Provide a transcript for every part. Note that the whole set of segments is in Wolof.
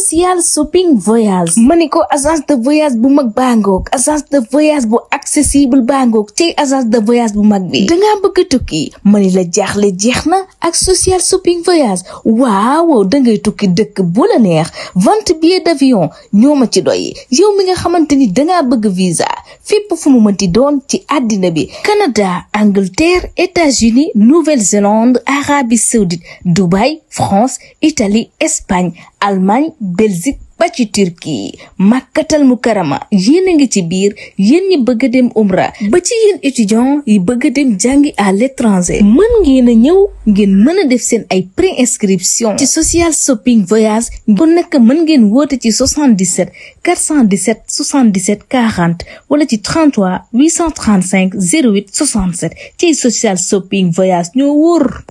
social shopping voyage. ma ne ko agence de voyage bu mag bàngoog agence de voyage bu accessible bàngoog ci agence de voyage bu mag bi. dangaa bëgg tukki ma ne la jaaxle jeex na ak social shopping voyage waaw dangay tukki dëkk bu la neex vente billet d'avion ñoo ma ci doy yow mi nga xamante ni dangaa bëgg visa fépp fu mu mënti doon ci àddina bi Canada Angleterre États-Unis Nouvelle-Zélande Arabie Saoudite Dubaï France Italie Espagne. Allemagne Belgique ba ci Turquie màkkatal mu karama yéen a ngi ci biir yéen ñi bëgg dem umra ba ci yéen étudiant yi bëgg a dem jàngi à l'étranger mën ngeen a ñëw ngeen mën a def seen ay préinscription ci social shopping voyage kon nag mën ngeen woote ci 77 417 77 40 wala ci 33 835 08 67 ci social shopping voyage ñoo wóor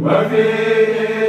Uma vez.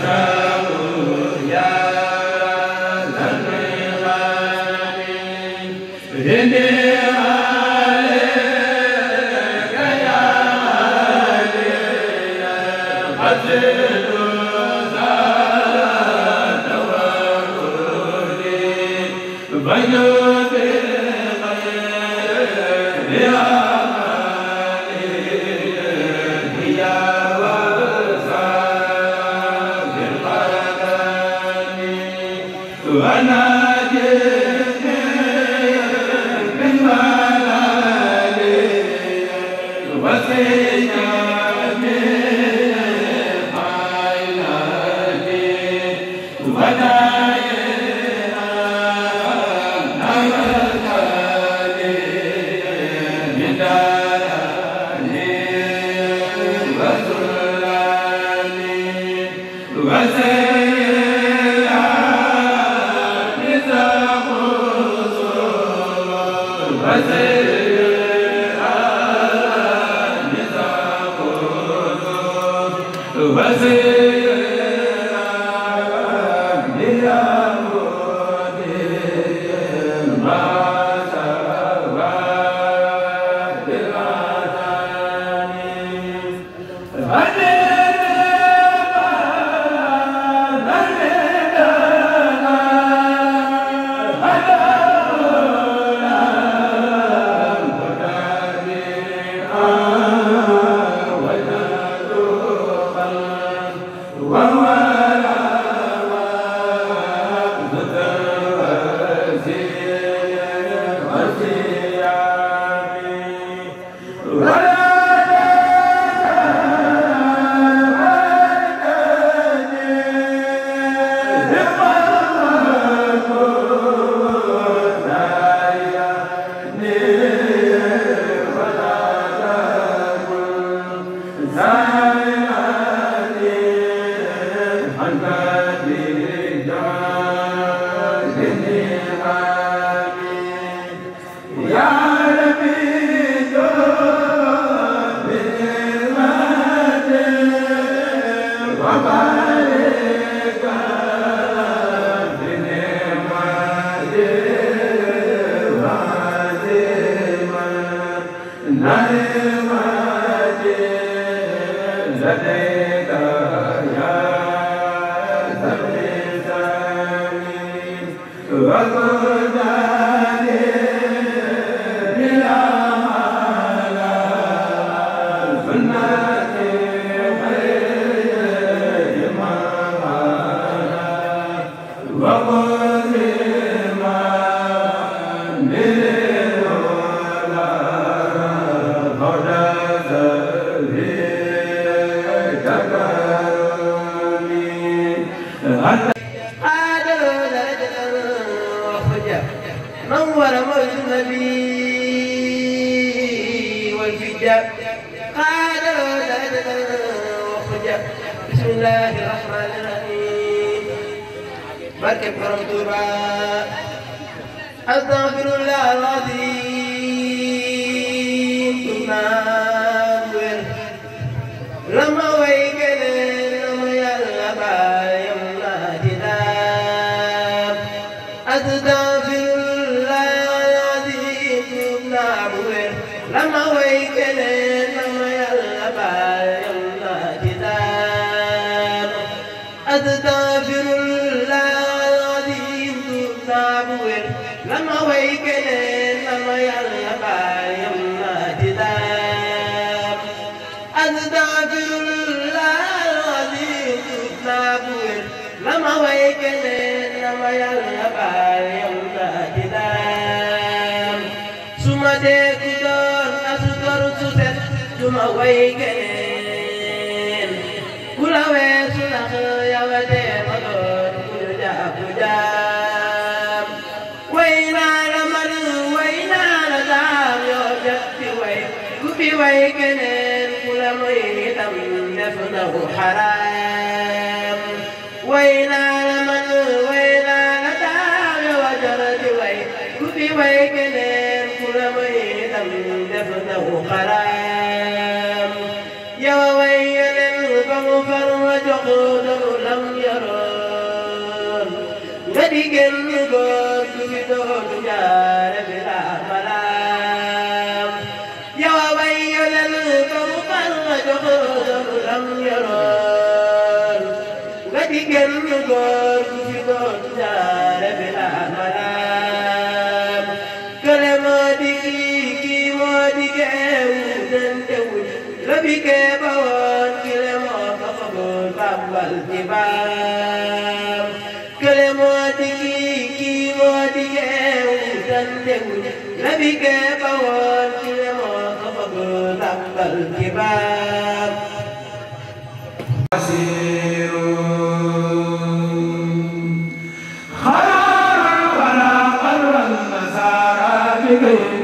Raja. نور موت النبي والفجة قال وخجة بسم الله الرحمن الرحيم مركب حرم طوبى أستغفر الله العظيم ma way keneen ku la weesu nax yow a dee ma doon ku jaab ku jaab way naa la man way naa la daam yoo jot fi way ku fi way keneen ku la muy itam def na wu xaraam له قلام يا ويل المفرج قوله لم يرون ملك النبوت بدون جار بلا ملام يا ويل المفرج قوله لم يرون ملك النبوت liggéey ba woon ci demoo nga bëgg làmbal kibaar Hey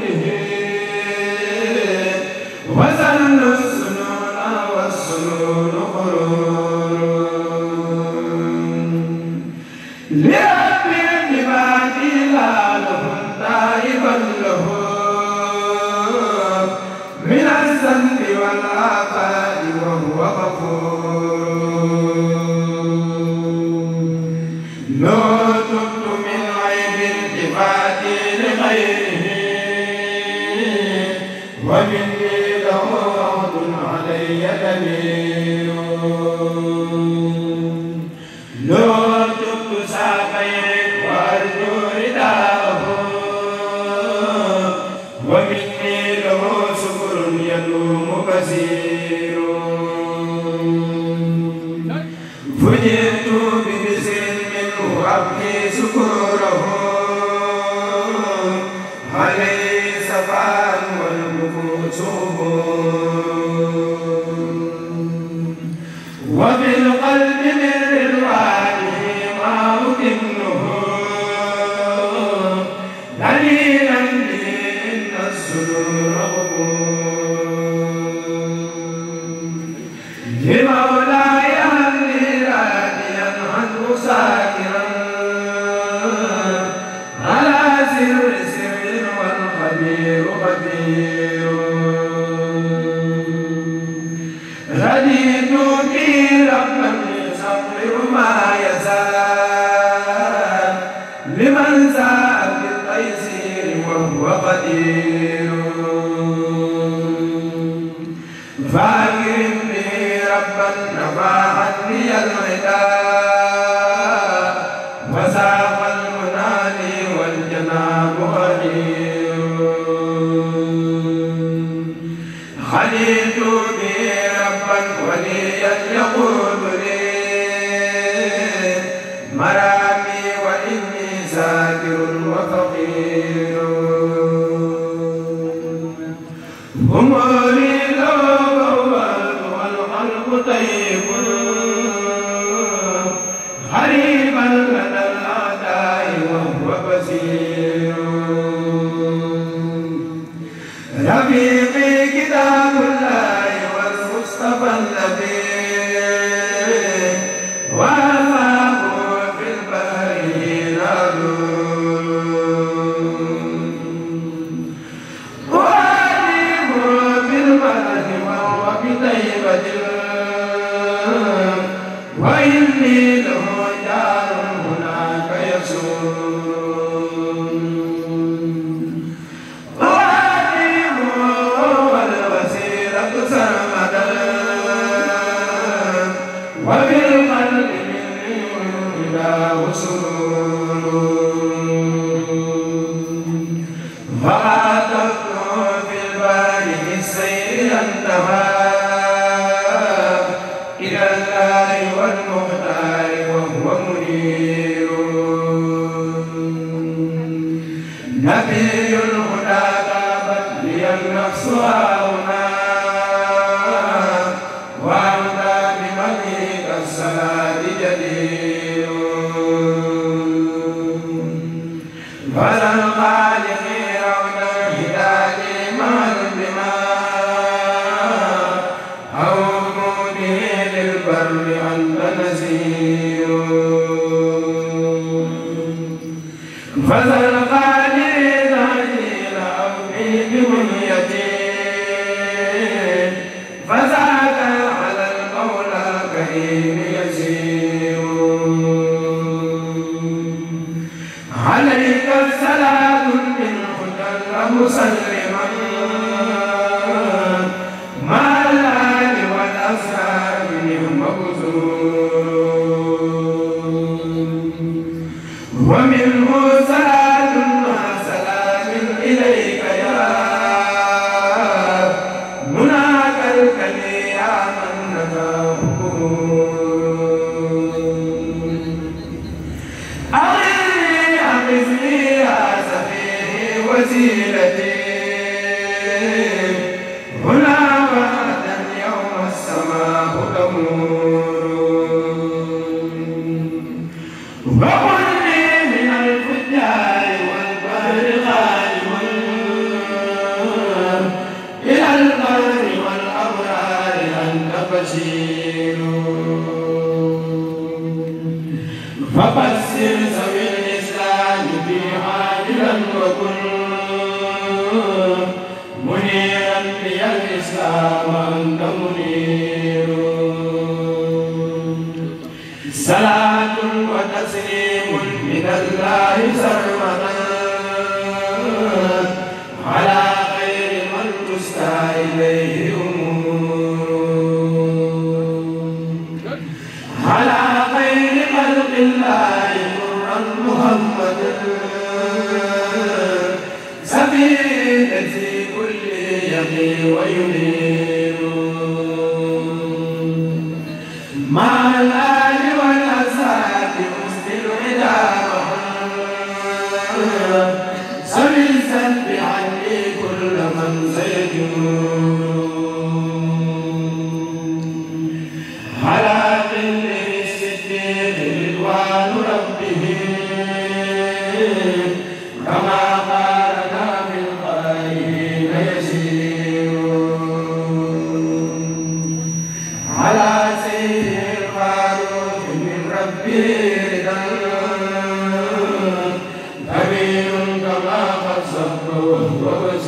Hare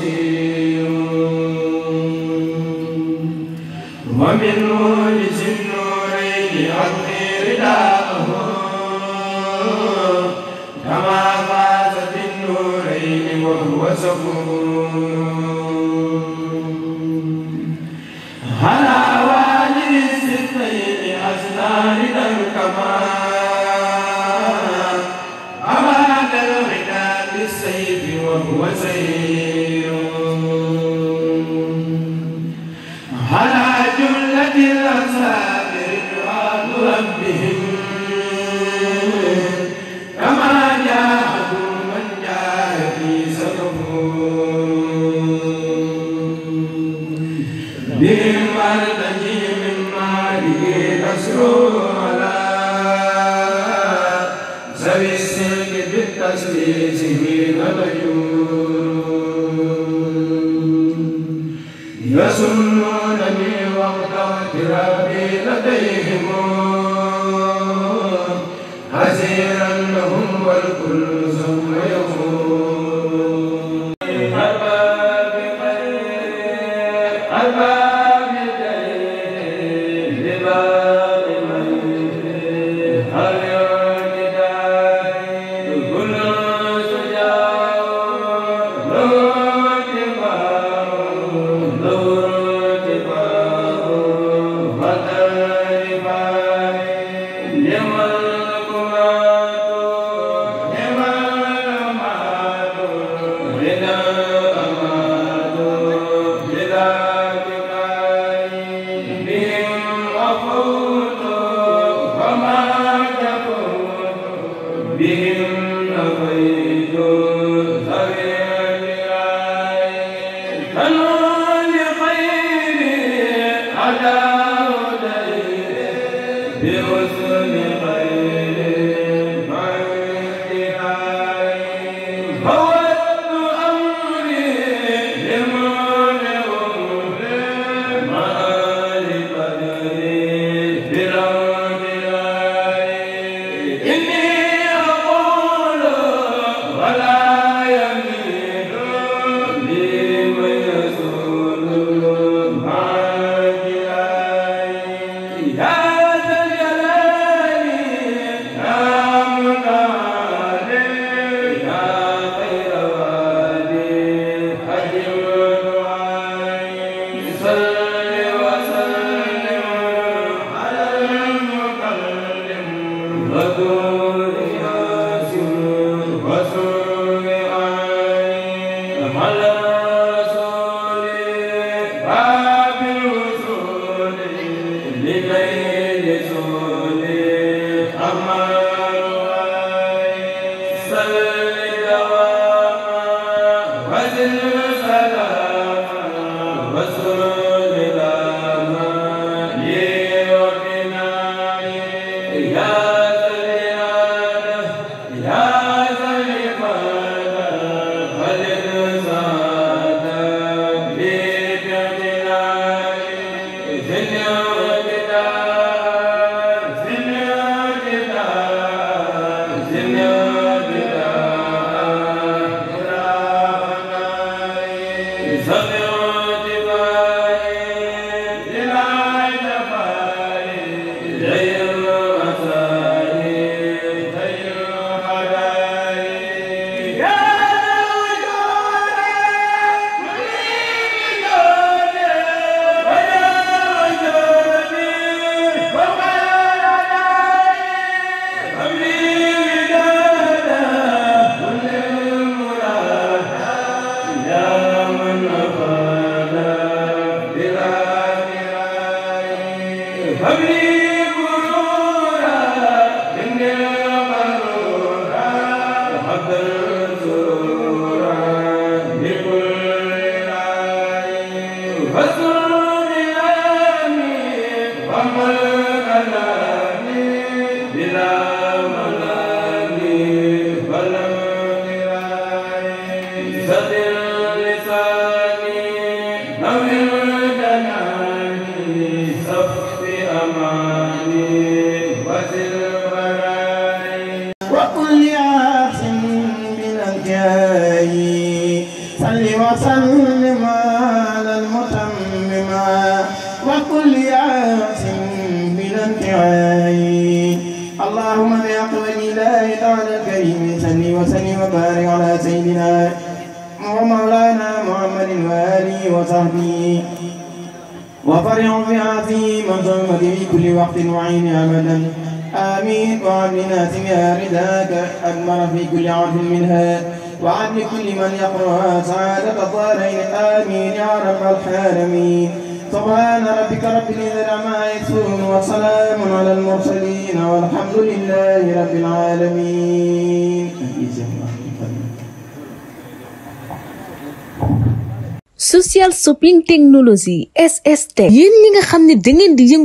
بصيرون ومن موجز النورين أظهر له كما فاز بالنورين وهو سفور يسن جاي صل وسلم على المتمم وكل ياس بلا انتعاي اللهم يا قوي لا تعالى الكريم صل وسلم وبارك على سيدنا ومولانا محمد واله وصحبه وفرح بعظيم ظلمة في كل وقت وعين أبدا آمين وعن ناس رداك أدمر في كل عرض منها وعن كل من يقرأ سعادة الدارين آمين يا رب الحالمين سبحان ربك رب العزة عما يصفون وسلام على المرسلين والحمد لله رب العالمين social shopping technology SST di ci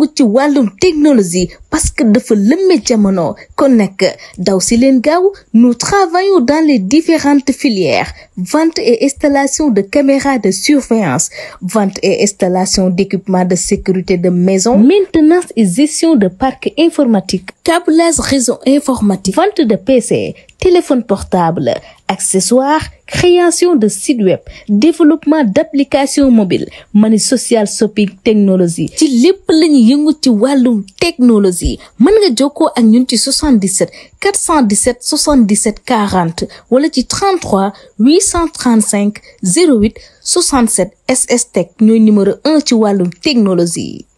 technologie parce que nous travaillons dans les différentes filières vente et installation de caméras de surveillance vente et installation d'équipements de sécurité de maison maintenance et gestion de parcs informatiques câblage réseau informatique vente de PC téléphone portable accessoires création de site développement d'application mobile ma ni social shopping technologie ci lépp la ñu yëngu ci wàllum technologie mën nga jokkoo ak ñun ci 77 417 77 40 wala ci 33 835 08 67 SS Tech ñooy numéro 1 ci wàllum technologie